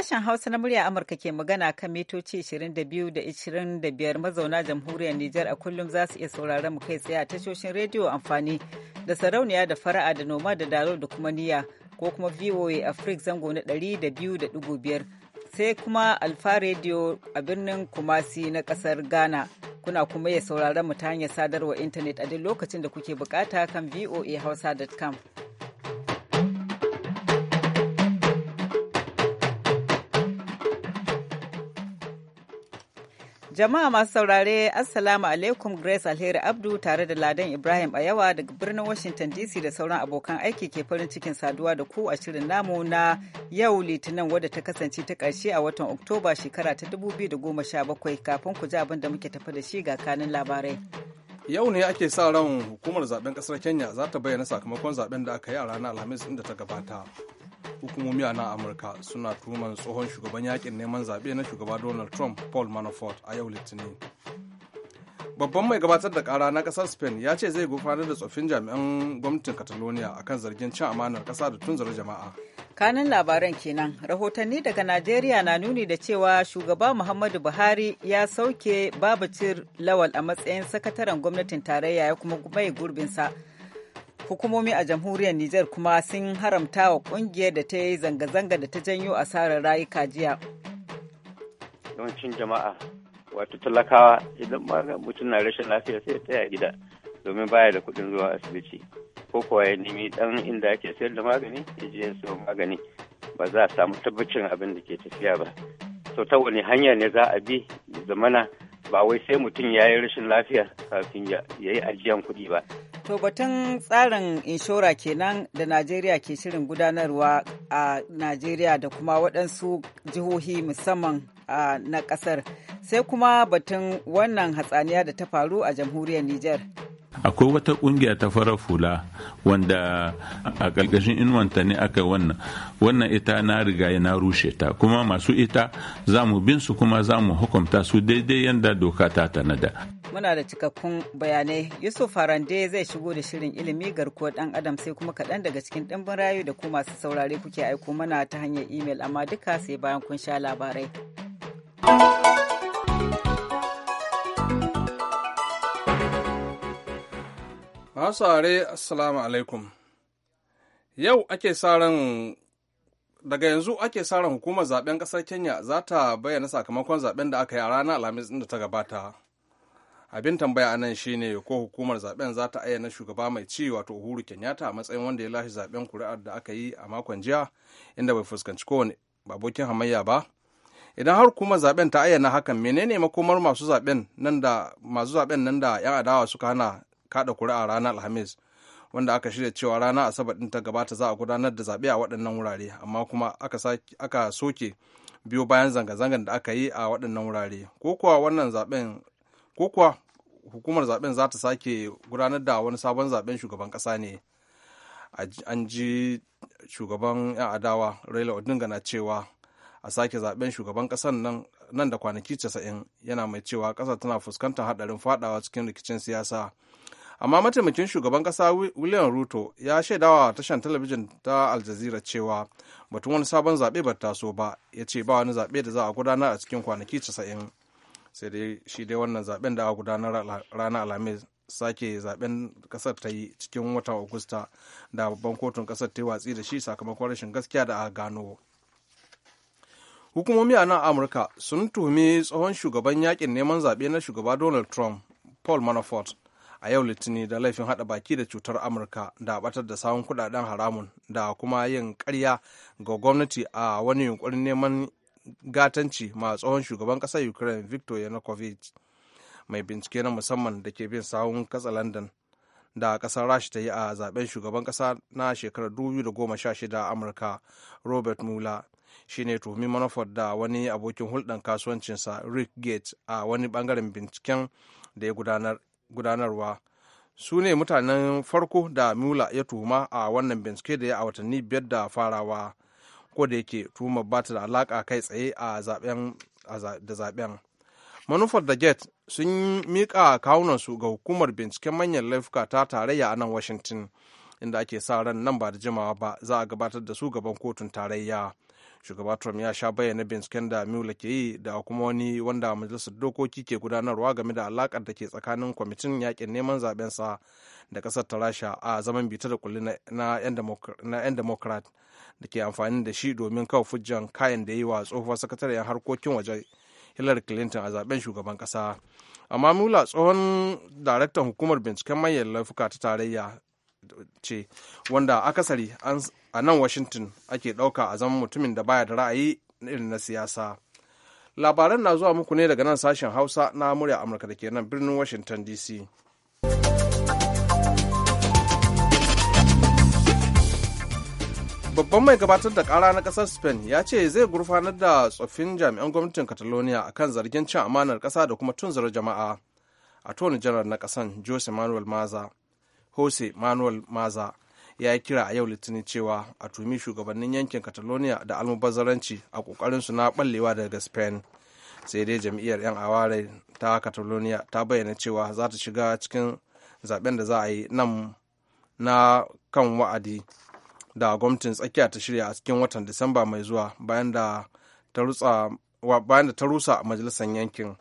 Sashen Hausa na murya Amurka ke magana kan mitoci 22 da 25 mazauna jamhuriyar Nijar a kullum za su iya sauraron mu kai tsaye a tashoshin rediyo amfani da sarauniya da fara'a da noma da dalo da kuma niya ko kuma VOA Africa zango na 200.5 sai kuma Alfa rediyo a birnin Kumasi na kasar Ghana. Kuna kuma iya sauraron mu ta hanyar sadarwa intanet a duk lokacin da kuke bukata kan voahausa.com. Jama'a masu saurare, Assalamu alaikum Grace Alheri Abdu tare da Ladan Ibrahim a yawa daga birnin Washington DC da sauran abokan aiki ke farin cikin saduwa da ku a shirin namu na yau Litinin wadda ta kasance ta karshe a watan Oktoba shekara ta 2017 kafin ku ji abin da muke tafi da shi ga kanin labarai. Yau ne ake sa ran hukumar zaben kasar Kenya za ta bayyana sakamakon zaben da aka yi a ranar Alhamis inda ta gabata. hukumomi a nan amurka suna tuhuman tsohon shugaban yakin neman zaɓe na shugaba donald trump paul manafort a yau litinin babban mai gabatar da kara na kasar spain ya ce zai gufanar da tsoffin jami'an gwamnatin catalonia akan zargin cin amanar kasa da tunzura jama'a kanin labaran kenan rahotanni daga najeriya na nuni da cewa shugaba muhammadu buhari ya sauke babacir lawal a matsayin sakataren gwamnatin tarayya ya kuma mai gurbinsa hukumomi a jamhuriyar Nijar kuma sun haramta wa kungiyar da ta yi zanga-zanga da ta janyo asarar rayuka jiya. Yawancin jama'a wato talakawa idan mutum na rashin lafiya sai ya tsaya gida domin baya da kuɗin zuwa asibiti ko kuwa ya nemi ɗan inda ake sayar da magani ya je ya sayo magani ba za a samu tabbacin abin da ke tafiya ba. So ta wani hanya ne za a bi zamana ba wai sai mutum ya yi rashin lafiya kafin ya yi ajiyan kuɗi ba To batun tsarin inshora kenan da Najeriya ke shirin gudanarwa a Najeriya da kuma waɗansu jihohi musamman na ƙasar sai kuma batun wannan hatsaniya da ta faru a jamhuriyar Nijar. akwai wata ƙungiya ta farar fula, wanda a ƙarƙashin inuwanta ne aka wannan wannan ita na riga na rushe ta kuma masu ita za mu bin su kuma za mu hukumta su daidai yadda doka ta tanada muna da cikakkun bayanai yusuf farande zai shigo da shirin ilimi garkuwar dan adam sai kuma kaɗan daga cikin ɗimbin rayu da ku masu saurare kuke aiko mana ta hanyar imel amma duka sai bayan kun sha labarai masu are assalamu alaikum yau ake sa daga yanzu ake sa hukumar zaben kasar kenya za ta bayyana sakamakon zaben da aka yi a ranar alhamis da ta gabata abin tambaya anan shine ko hukumar zaben za ta ayyana shugaba mai ci wato uhuru kenyatta a matsayin wanda ya lashe zaben kuri'ar da aka yi a makon jiya inda bai fuskanci kowane babokin hamayya ba idan har hukumar zaben ta ayyana hakan menene makomar masu zaben nan da masu zaben nan da yan adawa suka hana kada kuri'a ranar alhamis wanda aka shirya cewa rana asabar din ta gabata za a gudanar da zaɓe a waɗannan wurare amma kuma aka soke biyo bayan zanga zangan da aka yi a waɗannan wurare ko kuwa wannan zaben ko kuwa hukumar zaben za ta sake gudanar da wani sabon zaben shugaban kasa ne an ji shugaban 'yan adawa raila odinga na cewa a sake zaben shugaban kasan nan da kwanaki 90 yana mai cewa kasa tana fuskantar hadarin fadawa cikin rikicin siyasa amma mataimakin shugaban kasa william ruto ya shaidawa tashar talabijin ta aljazira cewa batun wani sabon zaɓe ba taso ba ya ce ba wani zaɓe da za a gudanar a cikin kwanaki casa'in sai dai shi dai wannan zaben da aka gudanar ranar alhamis sake zaben kasar ta yi cikin watan augusta da babban kotun kasar ta yi watsi da shi sakamakon rashin gaskiya da aka gano hukumomi a nan amurka sun tuhumi tsohon shugaban yakin neman zaɓe na shugaba donald trump paul manafort a yau litini da laifin hada baki da cutar amurka da batar da sawun kudaden haramun da kuma yin karya ga gwamnati a wani yunkurin neman gatanci ma tsohon shugaban ƙasar ukraine victor yanukovych mai bincike na musamman da ke bin sawun katsa london da ƙasar rasha ta yi a zaben shugaban ƙasa na shekarar 2016 a amurka robert mueller shi ne tuhumi manafort da wani abokin hulɗar kasuwancinsa rick gate a wani bangaren binciken da ya gudanarwa su ne mutanen farko da mueller ya tuhuma a wannan bincike da ya a watanni biyar da farawa ko da yake tuhumar ba ta da alaka kai tsaye a zaben da zaben manufar da gate sun miƙa kawunansu ga hukumar binciken manyan laifuka ta tarayya a nan washington inda ake sa ran nan ba da jimawa ba za a gabatar da su gaban kotun tarayya shugaba trump ya sha bayyana binciken da mueller ke yi da kuma wani wanda majalisar dokoki ke gudanarwa game da alakar da ke tsakanin kwamitin yakin neman zaben sa da kasar ta rasha a zaman bita da kulli na 'yan democrat da ke amfani da shi domin kawo fujjan kayan da yi wa tsohuwar sakatariyar harkokin waje hillary clinton a zaben shugaban kasa amma mula tsohon daraktan hukumar binciken manyan laifuka ta tarayya ce wanda akasari an. a nan washington ake ɗauka a zama mutumin da baya da ra'ayi irin na siyasa labaran na zuwa muku ne daga nan sashen hausa na murya amurka da ke nan birnin washington dc babban mai gabatar da kara na kasar spain ya ce zai gurfanar da tsoffin jami'an gwamnatin catalonia a kan zargin cin amanar kasa da kuma tunzura jama'a a tony janar na kasan jose manuel maza jose manuel maza ya yi kira a yau litinin cewa a tumi shugabannin yankin catalonia da almubazzaranci a su na ballewa daga spain sai dai jam'iyyar 'yan aware ta catalonia ta bayyana cewa za ta shiga cikin zaben da za a yi nan na kan wa'adi da gwamnatin tsakiya ta shirya a cikin watan disamba mai zuwa bayan da ta rusa majalisar yankin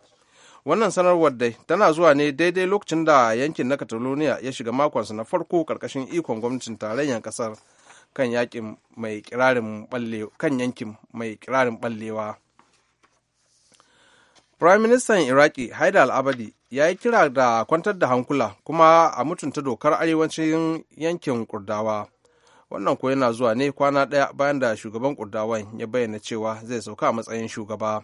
wannan sanarwar dai tana zuwa ne daidai lokacin da yankin na catalonia ya shiga makonsa na farko karkashin ikon gwamnatin tarayyar kasar kan yakin mai kirarin kan yankin mai kirarin ballewa prime minister iraki haida al-abadi ya yi kira da kwantar da hankula kuma a mutunta dokar arewacin yankin kurdawa wannan ko yana zuwa ne kwana daya bayan da shugaban kurdawan ya bayyana cewa zai sauka a matsayin shugaba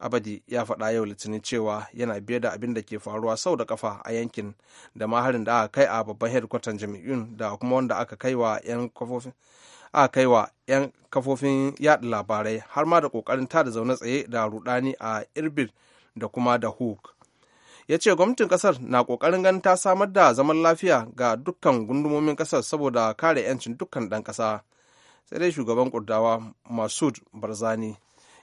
abadi ya faɗa yau litinin cewa yana biye da abin da ke faruwa sau da kafa a yankin da ma harin da aka kai a babban hedkwatan jami'un da kuma wanda aka kai wa 'yan kafofin aka kai wa 'yan kafofin yaɗa labarai har ma da ƙoƙarin tada zaune tsaye da rudani a irbir da kuma da hook ya ce gwamnatin kasar na kokarin ganin ta samar da zaman lafiya ga dukkan gundumomin kasar saboda kare 'yancin dukkan ɗan ƙasa sai dai shugaban kurdawa masud barzani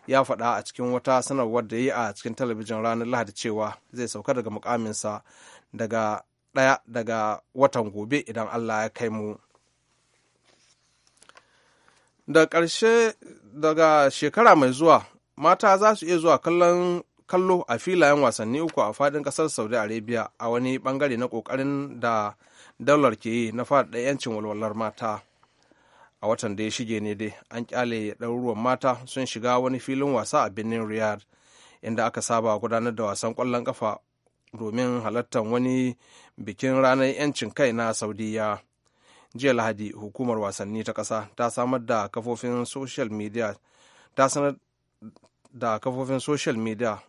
ya faɗa a cikin wata sanarwar da ya yi a cikin talabijin ranar lahadi cewa zai sauka daga mukaminsa daga ɗaya daga watan gobe idan allah ya kai mu da ƙarshe daga shekara mai zuwa mata za su iya zuwa kallon kallo a filayen wasanni uku a fadin kasar saudi arabia a wani bangare na ƙoƙarin da daular ke yi na faɗaɗa 'yancin walwalar mata a watan da ya shige ne dai an kyale ɗaruruwan mata sun shiga wani filin wasa a birnin riyadh inda aka saba gudanar da wasan ƙwallon ƙafa domin halartar wani bikin ranar 'yancin kai na saudiya jiya lahadi hukumar wasanni ta ƙasa ta samar da kafofin social media ta sanar da kafofin social media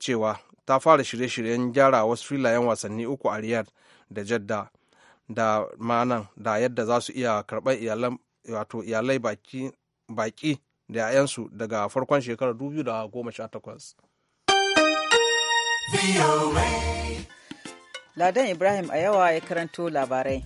cewa ta fara shirye-shiryen gyara wasu filayen wasanni uku a riyadh da jadda da manan da yadda za su iya karɓar iyalan wato iyalai baki da 'ya'yansu daga farkon shekarar takwas. Ladan Ibrahim a yawa ya karanto labarai.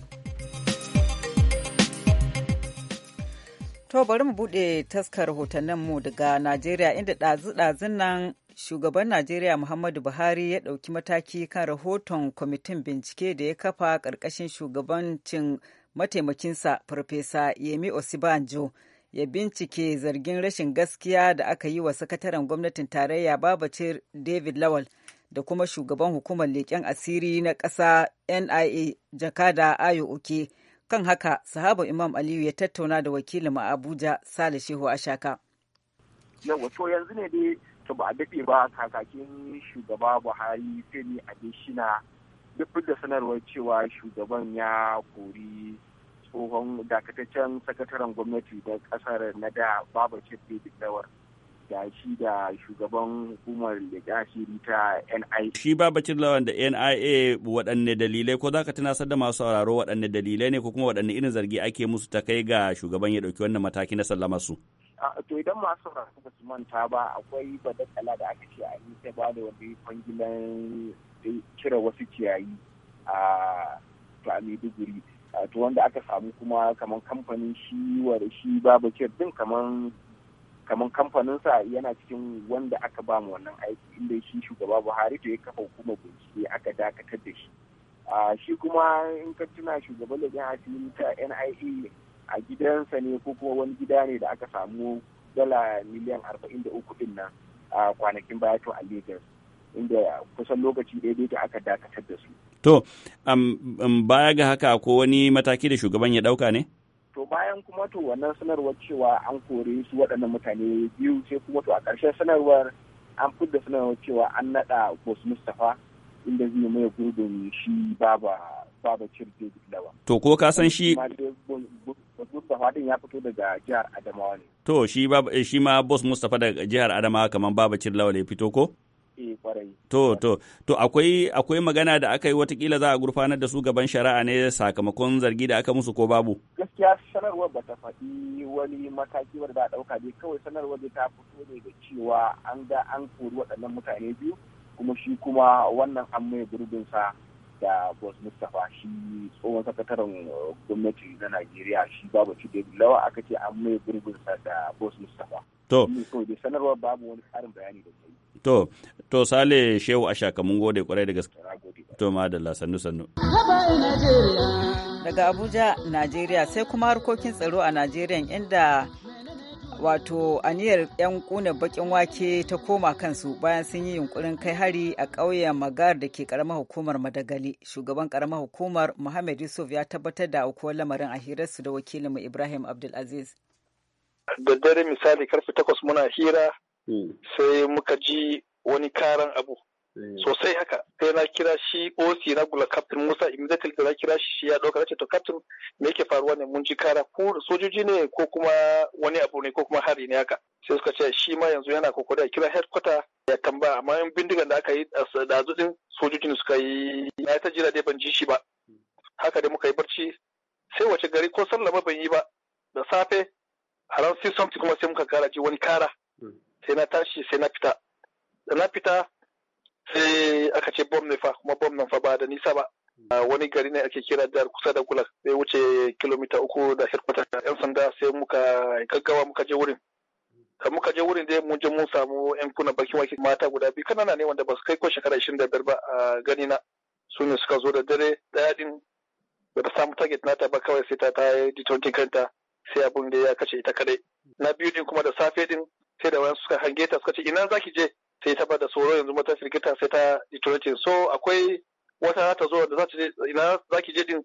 To bari mu buɗe taskar mu daga Najeriya inda ɗazu-ɗazun nan shugaban Najeriya Muhammadu Buhari ya ɗauki mataki kan rahoton kwamitin bincike da ya kafa ƙarƙashin shugabancin mataimakinsa farfesa yemi osibanjo ya bincike zargin rashin gaskiya da aka yi wa sakataren gwamnatin tarayya babacir david lawal da kuma shugaban hukumar leƙen asiri na ƙasa nia jakada ayo uke kan haka sahaba imam aliyu ya tattauna da wakilin a abuja sale shehu ashaka yawa to yanzu ne dai to ba a daɗe ba kakakin shugaba buhari femi shina. duk da sanarwar cewa shugaban ya kori tsohon dakataccen sakataren gwamnati da kasar na da babu david lawar da shi da shugaban hukumar da asiri ta nia shi babu lawan da nia waɗanne dalilai ko za ka tunasar da masu sauraro waɗanne dalilai ne ko kuma waɗanne irin zargi ake musu ta kai ga shugaban ya ɗauki wannan mataki na sallama su to idan masu sauraro ba su manta ba akwai badakala da aka ce a yi ta ba da wani kwangilan kira wasu ciyayi a ta maiduguri to wanda aka samu kuma kamar kamfanin shi wa shi babu din kamar kamar kamfaninsa yana cikin wanda aka ba mu wannan aiki inda shi shugaba buhari to ya kafa hukumar bincike aka dakatar da shi shi kuma in ka tuna shugaban leƙen asiri ta nia a gidansa ne ko kuma wani gida ne da aka samu dala miliyan arba'in da uku din nan kwanakin baya to a lagos inda kusan lokaci daidai da aka dakatar da su. To, um, baya ga haka ko wani mataki da shugaban ya ɗauka ne? To bayan kuma to wannan sanarwar cewa an kore su waɗannan mutane biyu sai kuma to a ƙarshen sanarwar an fidda sanarwar cewa an naɗa Bos Mustapha inda zai mai gurbin shi baba baba cir David Lawa. To ko ka san shi Mustapha din ya fito daga jihar Adamawa ne. To shi ma Bos Mustapha daga jihar Adamawa kamar baba cir Lawa ne fito ko? Eh, kwarai to to to akwai magana da aka yi watakila za a gurfanar da su gaban shari'a ne sakamakon zargi da aka musu ko babu gaskiya sanarwar ba ta faɗi wani mataki wanda za a ɗauka ne kawai sanarwar da ta fito ne da cewa an ga an kori waɗannan mutane biyu kuma shi kuma wannan an mai gurbinsa da Bos mustapha shi tsohon sakataren uh, gwamnati na najeriya shi babu ci lawa aka ce an mai gurbinsa da Bos mustapha to da sanarwa babu wani karin bayani da sai to to sale shehu a shakamun gode kwarai da gaske to madalla sannu sannu daga abuja najeriya sai kuma harkokin tsaro a najeriya inda wato aniyar 'yan kuna bakin wake ta koma kansu bayan sun yi yunkurin kai hari a ƙauyen magar da ke karamar hukumar madagali shugaban karamar hukumar muhammad yusuf ya tabbatar da aukuwar lamarin a hirarsu da wakilinmu ibrahim abdulaziz da dare misali karfe takwas muna hira hmm. sai muka ji wani karan abu Eh. sosai haka sai na kira shi oc na gula captain musa immediately da na kira shi ya dauka nace to captain me yake faruwa ne mun ji kara ko sojoji ne ko kuma wani abu ne ko kuma hari ne haka sai suka ce shi ma yanzu yana kokari a kira headquarter ya tambaya amma yan bindigan da aka yi da sojoji sojojin suka yi ya ta jira dai ban ji shi ba haka dai muka yi barci sai wace gari ko sallama ban yi ba da safe around six something kuma sai muka kara ji wani kara hmm. sai na tashi sai na fita da na fita sai eh, aka ce bom ne fa kuma bom nan fa ba da nisa ba wani gari ne ake kira jihar kusa da gulag sai wuce kilomita uku da hirkwata yan sanda sai muka gaggawa muka je wurin da muka je wurin dai mun je mun samu yan kuna bakin wake mata guda biyu kanana ne wanda ba su kai ko shekara ishirin da biyar ba a gani na su ne suka zo da dare daya din ba ta samu target nata ba kawai sai ta ta yi kanta sai abun da ya kashe ita kadai na biyu din kuma da safe din sai da wayan suka hange ta suka ce ina zaki je sai ta bada tsoro yanzu mata firgita sai ta itiratin so akwai wata ta zo da za ki je din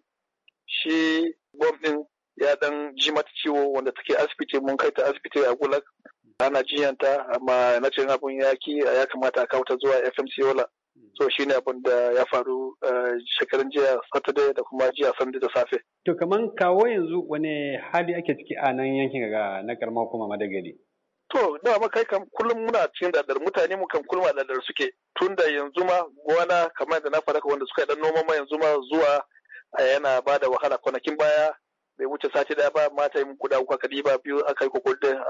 shi bom din ya dan ji mata ciwo wanda take asibiti mun kai ta asibiti a gulag ana jiyanta amma na ce abun ya ki ya kamata a kawo ta zuwa FMC Yola so shine abin da ya faru eh, shekarun jiya Saturday da kuma jiya Sunday da safe to kaman kawo yanzu wani hali ake ciki a nan yankin ga na karma kuma Madagali To, ma kai kan kullum muna cikin dadar mutane mu kan kullum a dadar suke tunda yanzu ma gona kamar da na faraka wanda suka dan noma ma yanzu ma zuwa eh, yana ba da wahala kwanakin baya bai wuce sati daya ba mata yin kuda uku aka ba biyu aka yi kokolda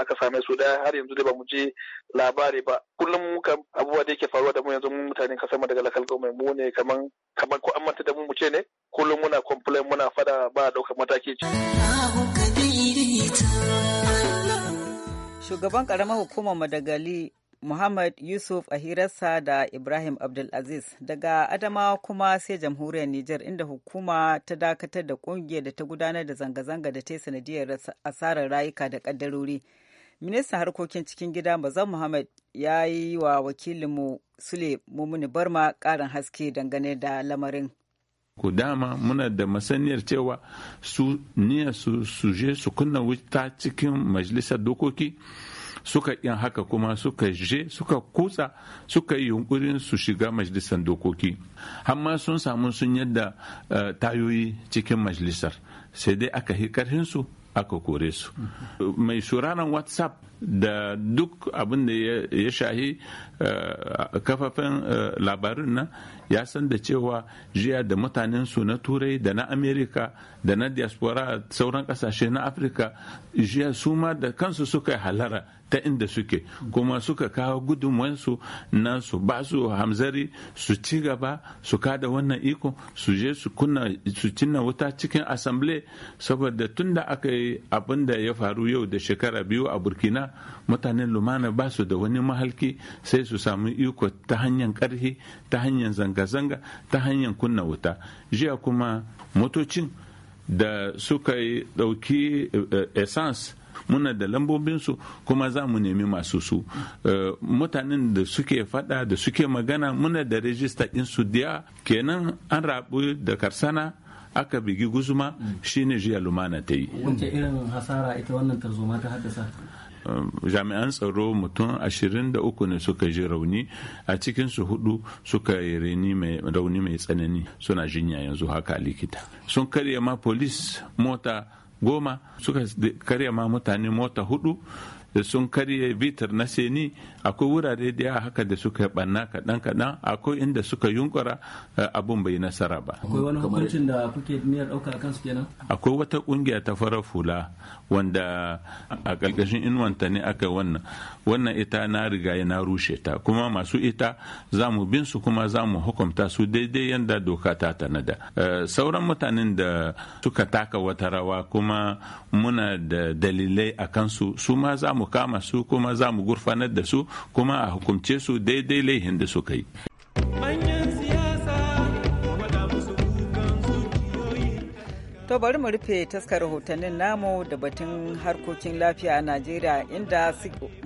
aka same su daya har yanzu dai ba mu je labari ba kullum mu muka abubuwa da yake faruwa da mu yanzu mu mutanen kasar daga lakal mai mu ne kaman kaman ko an manta da mu mu ce ne kullum muna complain muna fada ba daukar mataki ce. Shugaban ƙaramar hukumar Madagali Muhammad Yusuf ahirarsa da Ibrahim Abdulaziz daga Adamawa kuma sai jamhuriyar Nijar inda hukuma ta dakatar da kungiyar da ta gudanar da zanga-zanga da ta yi sanadiyar asarar rayuka da kaddarori. Ministan harkokin cikin gida Bazan Muhammad ya yi wa wakilinmu Sule Mumuni Barma ƙarin haske dangane da lamarin. ko dama muna da masaniyar cewa su niyyar su suje su kunna wuta cikin majalisar dokoki suka yin haka kuma suka je suka kutsa suka yi yunkurin su shiga majalisar dokoki amma sun samu sun yadda eh, tayoyi cikin majalisar sai dai aka hi karhinsu aka kore su mai shuranan whatsapp da duk abin da ya shahi eh, kafafen eh, labarin nan ya san da cewa jiya da mutanen su na turai da na amerika da na diaspora sauran kasashe na afirka jiya su ma da kansu suka yi halara ta inda suke kuma suka kawo gudunmuwansu na su ba su hamzari su ci gaba su kada wannan iko su je su kunna cinna wuta cikin asamble saboda tun da aka yi abin da ya faru yau da shekara biyu a burkina mutanen lumana ba su da wani mahalki sai su samu iko ta hanyar ƙarfi ta hanyar zanga-zanga ta hanyar kunna wuta jiya kuma motocin da suka ɗauki eh, essence muna da lambobinsu kuma za mu nemi masu su eh, mutanen da suke fada da suke magana muna da rejista su diya kenan an rabu da karsana aka bigi guzuma mm. shine jiya lumana ta yi. Wace irin hasara ita wannan tarzoma ta haddasa? Ehm, jami'an tsaro mutum ashirin da uku ne suka ji rauni a cikinsu hudu suka yi rauni mai tsanani suna jinya yanzu haka likita sun karya ma polis mota goma suka karya ma mutane mota hudu da sun karye bitar na seni akwai wurare da ya haka da suka banna kaɗan kaɗan akwai inda suka yunkura eh, abun bai nasara ba akwai wani hukuncin da kuke niyyar ɗauka a kansu kenan akwai wata ƙungiya ta farar fula wanda a ƙarƙashin inwanta ne aka wannan wannan ita na riga na rushe ta kuma masu ita za mu bin su kuma za mu hukumta su daidai yanda doka ta tanada eh, sauran mutanen da suka taka wata rawa kuma muna da dalilai a kansu su ma za mu kama su kuma za mu gurfanar da su kuma a hukumce su daidai laihin da suka yi To bari mu rufe taskar rahotannin namu da batun harkokin lafiya a Najeriya inda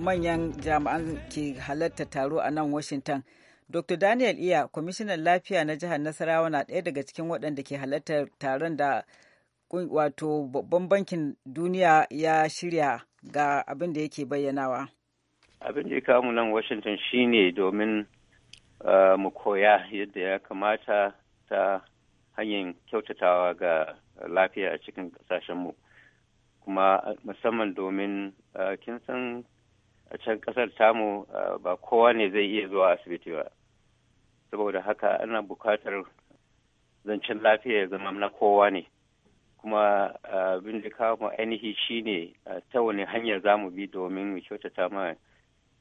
manyan jami'an ke halarta taro a nan Washington. Dr. Daniel Iya, kwamishinan lafiya na jihar Nasarawa na ɗaya daga cikin waɗanda ke halartar taron da wato babban bankin duniya ya shirya ga abin da yake bayyanawa. Abin da ya kamu nan Washington shine domin uh, mu koya yadda ya kamata ta hanyar kyautatawa ga lafiya a cikin kasashenmu. Kuma eh, musamman domin uh, kin san a can ƙasar tamu ba kowa ne zai iya zuwa asibiti ba. Saboda haka ana bukatar zancen lafiya ya zama na kowa ne. kuma eh, abin da kawo mu ainihi shine eh, ta wani hanyar za mu bi domin mu kyautata ma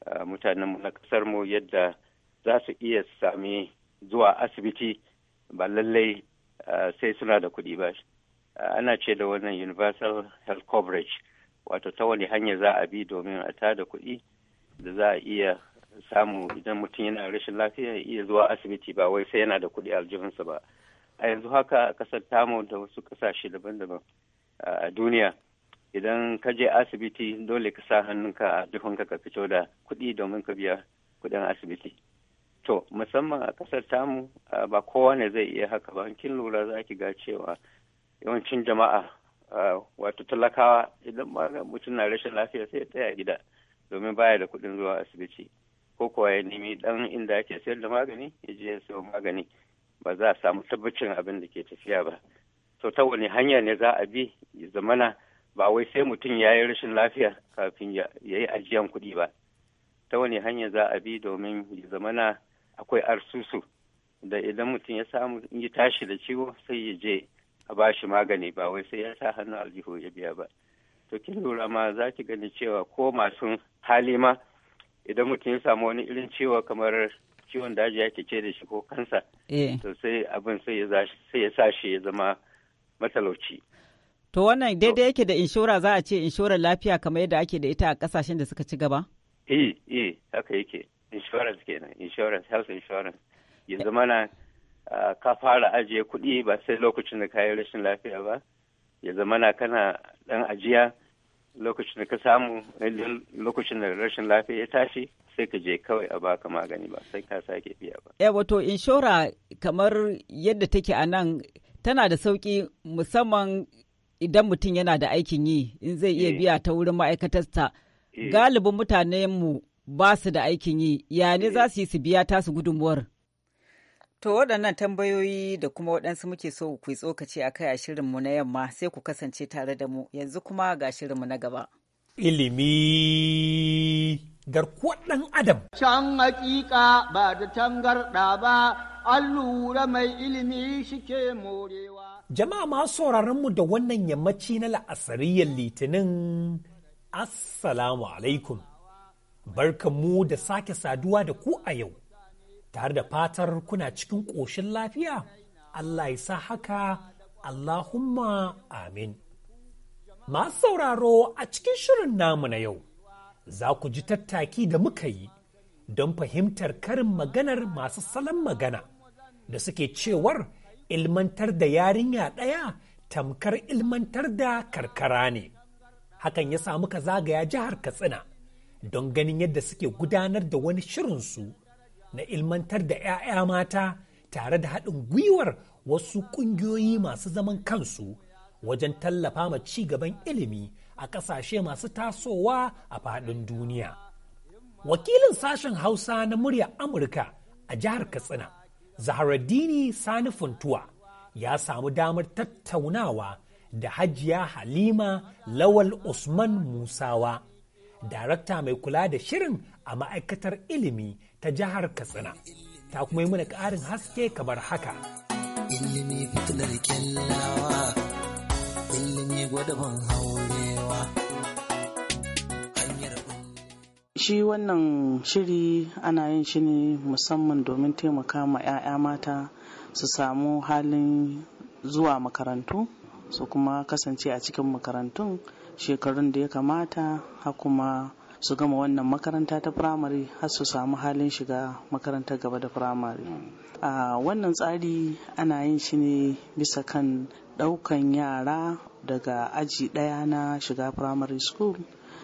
eh, mutanen mu na kasar mu yadda za su iya sami zuwa asibiti ba lallai sai suna da kuɗi ba ana ce da wannan universal health coverage wato ta wani hanyar za a bi domin a ta da kuɗi da za a iya samu idan mutum yana rashin lafiya iya zuwa asibiti ba wai sai yana da kuɗi aljihunsa ba a yanzu haka a ƙasar tamu da wasu kasashe daban-daban a duniya idan ka je asibiti dole ka sa hannunka a duhunka ka fito da kuɗi domin ka biya kuɗin asibiti to musamman a kasar tamu ba kowa ne zai iya haka ba kin lura za ki ga cewa yawancin jama'a wato talakawa idan mutum na rashin lafiya sai ya tsaya gida domin baya da kuɗin zuwa asibiti ko kuwa ya nemi ɗan inda ake sayar da magani ya je ya sayo magani ba za a samu tabbacin abin da ke tafiya ba to ta wani hanya ne za a bi ya zamana ba wai sai mutum ya yi rashin lafiya kafin ya yi ajiyan kuɗi ba ta wani hanya za a bi domin ya zamana akwai arsusu da idan mutum ya samu in yi tashi da ciwo sai ya je a ba shi magani ba wai sai ya sa hannu aljihu ya biya ba to kin lura ma za ki gani cewa ko masu hali ma idan mutum ya samu wani irin ciwo kamar ciwon daji ke ce da shi ko kansa eh. to sai abin sai ya sa shi ya zama matalauci to wannan daidai yake da inshora za a ce inshorar lafiya kamar yadda ake da ita a kasashen da suka ci gaba eh eh haka yake insurance kenan insurance health insurance ya eh. zama ka fara ajiye kuɗi ba sai lokacin da yi rashin lafiya ba ya zama kana dan ajiya lokacin da ka samu lokacin da rashin lafiya ya tashi sai ka je kawai a baka magani ba sai ka sake biya ba. Eh wato inshora kamar yadda take a nan tana da sauki musamman idan mutum yana da aikin yi in zai iya eh. biya ta wurin ma'aikatarsa. Eh. Galibin mutanenmu ba su da aikin yi yane eh. za su yi su biya tasu gudunmuwar? To waɗannan tambayoyi da kuma waɗansu muke so ku yi tsokaci a kai a shirinmu na yamma sai ku kasance tare da mu yanzu kuma ga shirinmu na gaba. Ilimi garkuwar ɗan adam. Can hakika ba da tangarɗa ba, an lura mai ilimi shike morewa. Jama'a ma sauraronmu da wannan yammaci na la'asariyar litinin, Assalamu alaikum. Barkanmu da sake saduwa da ku a yau. tare da fatar kuna cikin ƙoshin lafiya Allah ya sa haka Allahumma amin masu sauraro a cikin shirin namu na yau za ku ji tattaki da muka yi don fahimtar karin maganar masu salon magana da suke cewar ilmantar da yarinya ɗaya tamkar ilmantar da karkara ne hakan ya samu ka zagaya jihar katsina don ganin yadda suke gudanar da wani shirinsu na ilmantar da 'ya'ya mata tare da haɗin gwiwar wasu ƙungiyoyi masu zaman kansu wajen tallafa ma ci gaban ilimi a ƙasashe masu tasowa a faɗin duniya. Wakilin sashen Hausa na murya Amurka a jihar Katsina, Zaharaddini Sani Funtuwa, ya samu damar tattaunawa da Hajiya Halima Lawal Usman Musawa, darakta mai kula da shirin a ma'aikatar ilimi ta jihar Katsina. Ta kuma yi mana ƙarin haske kamar haka. Ilimi fitilar kyallawa, ilimi haurewa. Shi wannan shiri ana yin shi ne musamman domin taimaka ma 'ya'ya mata su samu halin zuwa makarantu su kuma kasance a cikin makarantun shekarun da ya kamata ha kuma su gama wannan makaranta ta firamare har su samu halin shiga makarantar gaba da firamare a wannan tsari ana yin shi ne bisa kan ɗaukan yara daga aji ɗaya na shiga firamare school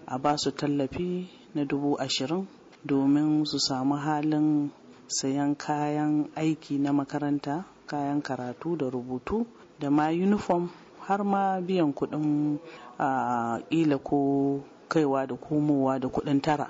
a ba su tallafi na dubu ashirin domin su samu halin sayan kayan aiki na makaranta kayan karatu da rubutu da ma uniform har ma biyan kuɗin ƙila ko kaiwa da komowa da kuɗin tara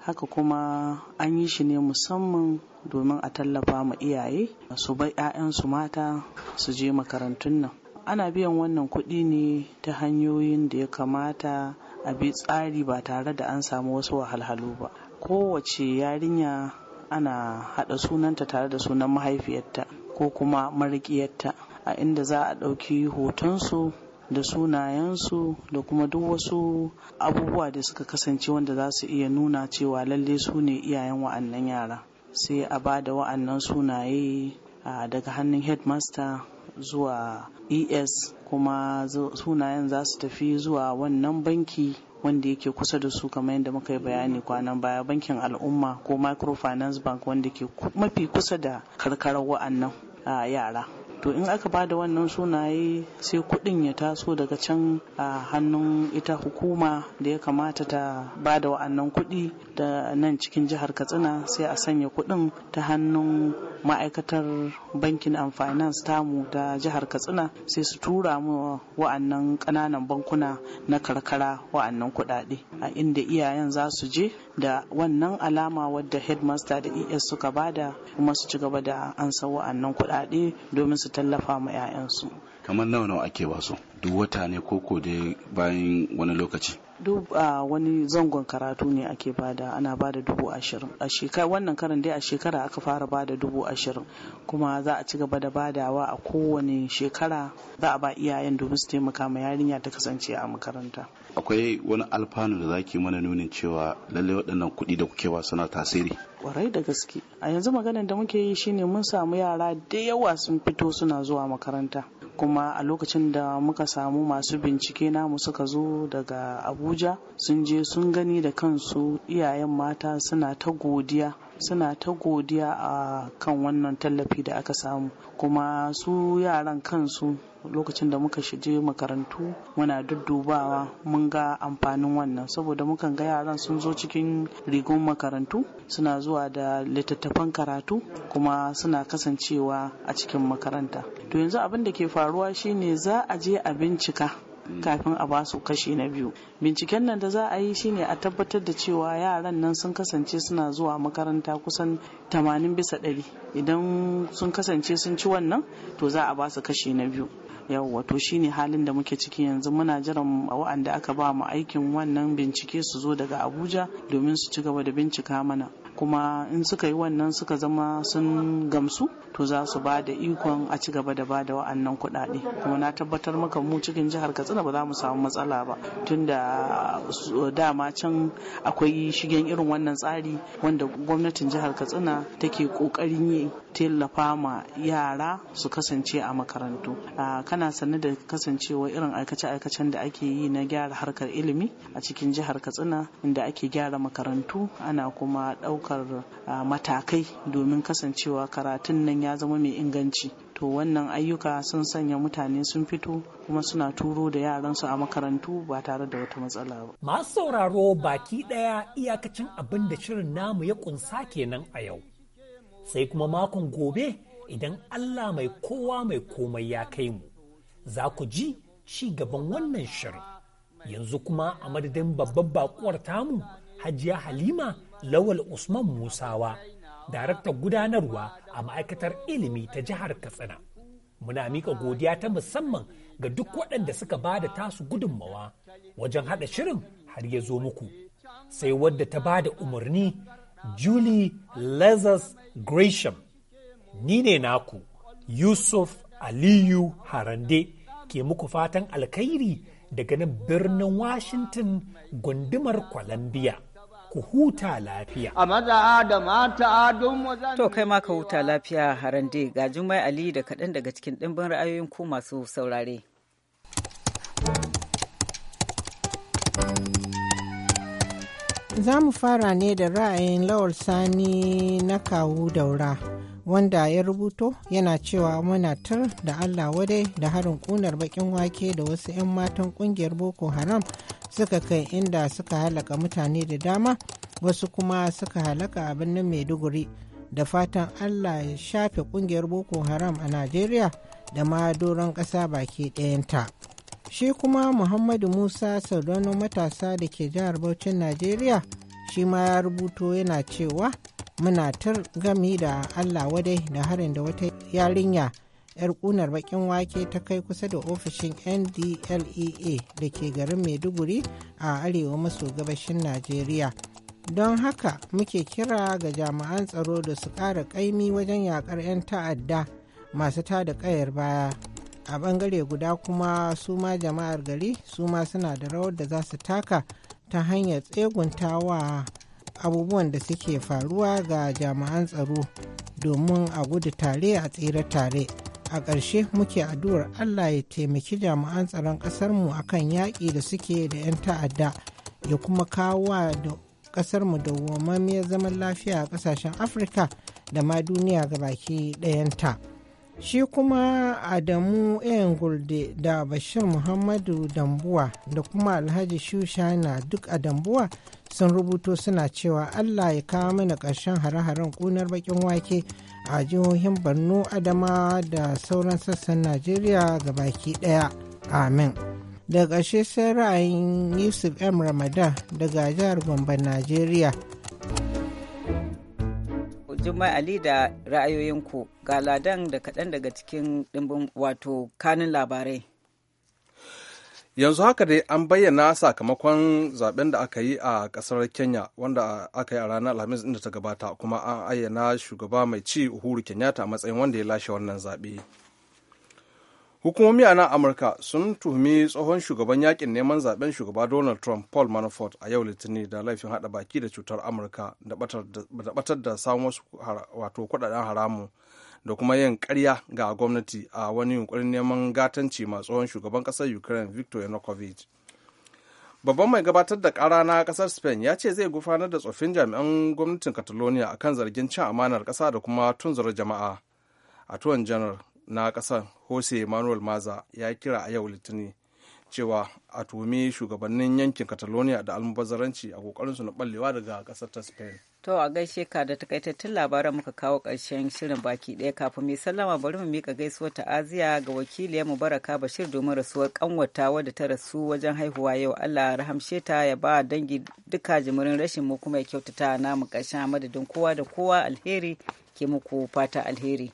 haka kuma an yi shi ne musamman domin a tallafa ma iyaye su bai 'ya'yansu mata su je makarantun nan ana biyan wannan kuɗi ne ta hanyoyin da ya kamata a bi tsari ba tare da an samu wasu wahalhalu ba kowace yarinya ana haɗa sunanta tare da sunan mahaifiyarta ko kuma marikiyarta a inda za a ɗauki hotonsu da sunayensu da kuma duk wasu abubuwa da suka kasance wanda za su iya nuna cewa lalle su ne iyayen wa'annan yara sai a ba da wa'annan sunaye daga hannun headmaster zuwa es kuma sunayen za su tafi zuwa wannan banki wanda yake kusa da su kamar yadda muka yi bayani kwanan baya bankin al'umma ko microfinance bank wanda ke mafi kusa da karkarar wa'annan yara to in aka ba da wannan sunaye sai kuɗin ya taso daga can a hannun ita hukuma da ya kamata ta ba da wa'annan kuɗi da nan cikin jihar katsina sai a sanya kuɗin ta hannun ma'aikatar bankin and finance tamu ta jihar katsina sai su tura mu wa'annan kananan bankuna na karkara wa'annan kudade a inda iyayen za su je da wannan alama wadda headmaster da es suka bada kuma su ci gaba da ansa wa'annan kudade domin su tallafa ma 'ya'yansu kamar nawa nawa ake wasu duk wata ne koko dai bayan wani lokaci duk a wani zangon karatu ne ake bada ana bada dubu ashirin a shekara wannan karin dai a shekara aka fara bada dubu ashirin kuma za a ci gaba da badawa a kowane shekara za a ba iyayen domin su taimaka ma yarinya ta kasance a makaranta akwai wani alfanu da zaki mana nunin cewa lallai waɗannan kuɗi da kuke suna tasiri kwarai da gaske a yanzu maganar da muke yi shine mun samu yara da yawa sun fito suna zuwa makaranta kuma a lokacin da muka samu masu bincike namu suka zo daga abuja sun je sun gani da kansu iyayen mata suna ta godiya suna ta godiya a kan wannan tallafi da aka samu kuma su yaran kansu lokacin da muka shige makarantu muna duddubawa mun ga amfanin wannan saboda mukan ga yaran sun zo cikin rigon makarantu suna zuwa da littattafan karatu kuma suna kasancewa a cikin makaranta to yanzu abin da ke faruwa shine za a je a bincika kafin a basu kashi na biyu binciken nan da za a yi shine a tabbatar da cewa yaran nan sun kasance suna zuwa makaranta kusan tamanin bisa 100 idan sun kasance sun ci wannan to za a basu kashi na biyu yawwa to shine halin da muke ciki yanzu muna jiran wa'anda aka ba mu aikin wannan bincike su zo daga abuja domin su ci gaba da bincika mana kuma in suka yi wannan suka zama sun gamsu to za su ba da ikon a ci gaba da ba da wa'annan kuɗaɗe kuma na tabbatar maka mu cikin jihar katsina ba za mu samu matsala ba tunda dama can akwai shigen irin wannan tsari wanda gwamnatin jihar katsina take ƙoƙarin yi tallafa ma yara su kasance a makarantu kana sanar da kasancewa irin aikace-aikacen da ake yi na gyara harkar ilimi a cikin jihar katsina inda ake gyara makarantu ana kuma ɗaukar daukar ah, matakai domin kasancewa karatun nan ya zama mai inganci to wannan ayyuka sun sanya mutane sun fito kuma suna turo da yaransu a makarantu ba tare da wata matsala ba. Masu sauraro baki ɗaya iyakacin abin da shirin namu ya kunsa kenan a yau. Sai kuma makon gobe idan Allah mai kowa mai komai ya kai mu, za ku ji ci gaban wannan shirin. Yanzu kuma a madadin babban bakuwar tamu, Hajiya Halima Lawal Usman Musawa, daraktan gudanarwa a ma'aikatar ilimi ta jihar Katsina. Muna mika godiya ta musamman ga duk waɗanda suka ba da tasu gudunmawa wajen haɗa shirin har ya zo muku. Sai wadda ta ba da umarni Julie Lazarus Gresham. Ni ne naku Yusuf Aliyu Harande ke muku fatan alkhairi daga nan birnin Washington gundumar Columbia. ku huta lafiya. A maza da mata don maza To kai ma ka huta lafiya harande ga Jummai Ali da kaɗan daga cikin ɗimbin ra'ayoyin ku masu saurare. Za mu fara ne da ra'ayin Lawal Sani na kawu daura. wanda ya rubuto yana cewa muna tar da Allah wadai da harin kunar bakin wake da wasu 'yan matan kungiyar Boko Haram suka kai inda suka halaka mutane da dama wasu kuma suka halaka a birnin Maiduguri da fatan Allah ya shafe kungiyar Boko Haram a Najeriya da ma doron ƙasa baki ɗayanta. Shi kuma Muhammadu Musa Sardono matasa da ke jihar Bauchin Najeriya shi ma ya rubuto yana cewa muna tur gami da allah wadai da harin da wata yarinya yar kunar bakin wake ta kai kusa da ofishin ndlea da ke garin maiduguri a arewa maso gabashin najeriya don haka muke kira ga jama'an tsaro da su ƙara ƙaimi wajen yakar 'yan ta'adda masu tada ƙayar baya a bangare guda kuma su ma jama'ar gari su ma suna da rawar da za su taka ta hanyar tseguntawa abubuwan da suke faruwa ga jami'an tsaro domin a gudu tare a tsira tare a ƙarshe muke addu'ar allah ya taimaki jami'an tsaron ƙasarmu akan yaƙi da suke da 'yan ta'adda ya kuma kawo da ƙasarmu da wamamiyar zaman lafiya a ƙasashen afirka da ma duniya ga baki ɗayanta shi kuma adamu yan gulde da bashir muhammadu dambuwa da kuma alhaji shushana duk a dambuwa sun rubuto suna cewa allah ya kawo mana ƙarshen hare-haren ƙunar bakin wake a jihohin borno adama da sauran sassan najeriya ga baki ɗaya amin daga ƙarshe sai ra'ayin yusuf m ramadan daga jihar gombe najeriya jummai ali da ra'ayoyinku ga ladan da kaɗan daga cikin ɗimbin wato kanin labarai yanzu haka dai an bayyana sakamakon zaben da aka yi a kasar kenya wanda aka yi a ranar alhamis inda ta gabata kuma an ayyana shugaba mai ci uhuru kenyatta a matsayin wanda ya lashe wannan zaɓe hukumomi a nan amurka sun tuhumi tsohon shugaban yakin neman zaben shugaba donald trump paul manafort a yau litinin da laifin hada baki da cutar amurka da batar da samun wasu wato kudaden haramu da kuma yin karya ga gwamnati a wani yunkurin neman gatanci ma tsohon shugaban ƙasar ukraine victor yanukovych babban mai gabatar da kara na ƙasar spain ya ce zai gufanar da tsoffin jami'an gwamnatin catalonia a kan zargin cin amanar ƙasa da kuma tunzura jama'a a tuwon janar na ƙasar jose manuel maza ya kira a yau litinin cewa a tuhumi shugabannin yankin catalonia da almubazzaranci a kokarinsu na ballewa daga ƙasar ta spain To a gaishe ka da takaitattun labaran muka kawo ƙarshen shirin baki ɗaya kafin mai sallama bari mu miƙa gaisuwar ta'aziya ga wakiliyar mu baraka Bashir domin rasuwar kanwata wadda ta rasu wajen haihuwa yau Allah rahamshe ta ya ba dangi duka jimirin rashin mu kuma ya kyautata namu ƙarshen madadin kowa da kowa alheri ke muku fata alheri.